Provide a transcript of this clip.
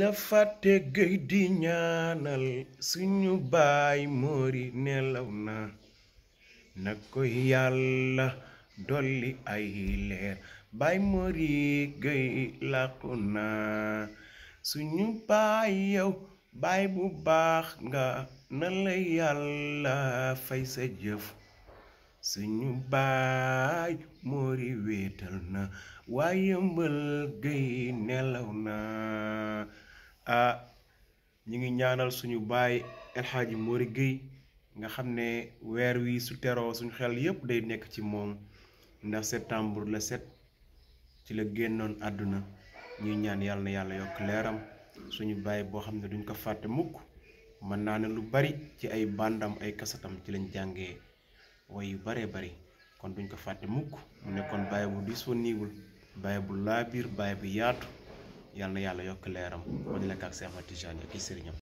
la fàtte gëy di ñaanal suñu baay moori nelaw na na ko yàlla dolli ay leer baay moori gëy làqu na suñu baay yow baay bu baax nga na la yàlla fay sa jëf suñu baay moori wéetal na waaye mbël gëy nelaw na aa ñu ngi ñaanal suñu baay El Hadj Mori nga xam ne weer wi su tero suñu xel yépp day nekk ci moom ndax septembre la set ci la génnoon àdduna ñuy ñaan yàlla yàlla yokk leeram suñu baay boo xam ne duñ ko fàtte mukk mën naa ne lu bari ci ay bandam ay kasatam ci lañ jàngee way yu baree bari kon duñ ko fàtte mukk mu nekkoon baay bu disponible baay bu laabiir baay bu yaatu yal na yàlla yokk leeram ma ñu lekk ak Seex Ahmad Tijaan ak i sëriñam